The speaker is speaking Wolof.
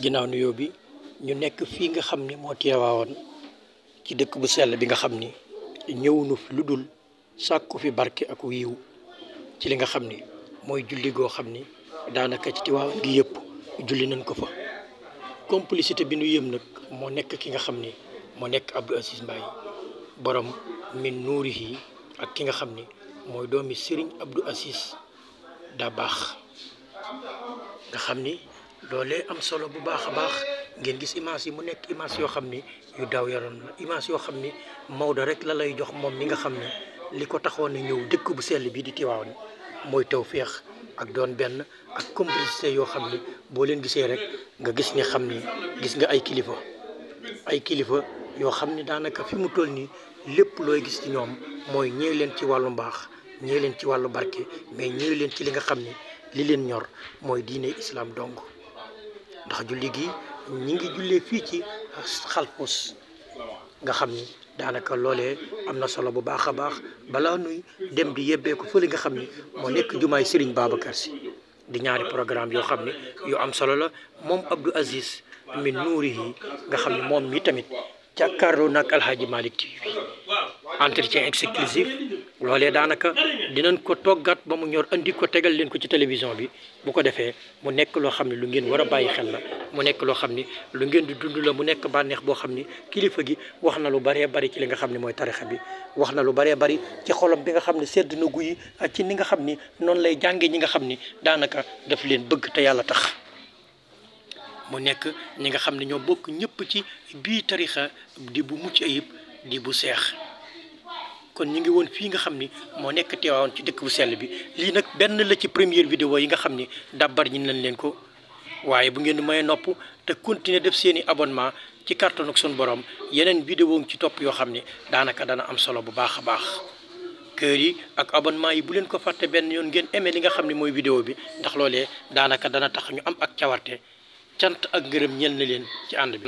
ginnaaw nuyoo bi ñu nekk fii nga xam ni moo teewaawoon ci dëkk bu sell bi nga xam ni ñëw lu dul sàkku fi barke ak wiiw ci li nga xam ni mooy julli goo xam ni daanaka ci Tiwaawan gi yëpp julli nañ ko fa complicité bi nu yëm nag moo nekk ki nga xam ni moo nekk Abdou Aziz Mbaye borom min nuurihi ak ki nga xam ni mooy doomi sëriñ Abdou asis daa baax nga xam ni loole am solo bu baax a baax ngeen gis image yi mu nekk image yoo xam ni yu daw yaroon la image yoo xam ni Maodo rek la lay jox moom mi nga xam ne li ko taxoon a ñëw dëkk bu sell bi di Tivaouane mooy taw féex ak doon benn ak complicité yoo xam ni boo leen gisee rek nga gis ne xam ni gis nga ay kilifa ay kilifa yoo xam ni daanaka fi mu toll nii lépp looy gis ci ñoom mooy ñëw leen ci wàllu mbaax ñëw leen ci wàllu barke mais ñëw leen ci li nga xam ni li leen ñor mooy diine islaam dong ndax julli gi ñu ngi jullee fii ci xalpus nga xam ni daanaka loole am na solo bu baax a baax balaa nuy dem di yebbeeku fële nga xam ni moo nekk jumaay Serigne Babacar Sy di ñaari programme yoo xam ne yu am solo la moom Abdou Aziz mi nuuri yi nga xam ne moom mi tamit ca jàkkaarloo nag Alhaji Malick TV entretien exclusif loolee daanaka dinañ ko toggat ba mu ñor indi ko tegal leen ko ci télévision bi bu ko defee mu nekk loo xam ne lu ngeen war a bàyyi xel la mu nekk loo xam ni lu ngeen di dund la mu nekk bànneex boo xam ni kilifa gi wax na lu bëree bëri ci li nga xam ne mooy tarixa bi wax na lu bëree bëri ci xolam bi nga xam ne sedd na guy ak ci ni nga xam ni noonu lay jàngee ñi nga xam ni daanaka def leen bëgg te yàlla tax mu nekk ñi nga xam ne ñoo bokk ñëpp ci bii tarixa di bu mucc ayib di bu seex kon ñu ngi woon fii nga xam ni moo nekk teewaawoon ci dëkk bu sell bi lii nag benn la ci première vidéo yi nga xam ni dabbar ñi nañ leen ko waaye bu ngeen may nopp te continuer def seen i abonnement ci carton ak suñu borom yeneen vidéo ci topp yoo xam ni daanaka dana am solo bu baax a baax kër yi ak abonnement yi bu leen ko fàtte benn yoon ngeen aimé li nga xam ne mooy vidéo bi ndax loolee daanaka dana tax ñu am ak cawarte cant ak ngërëm ñel na leen ci ànd bi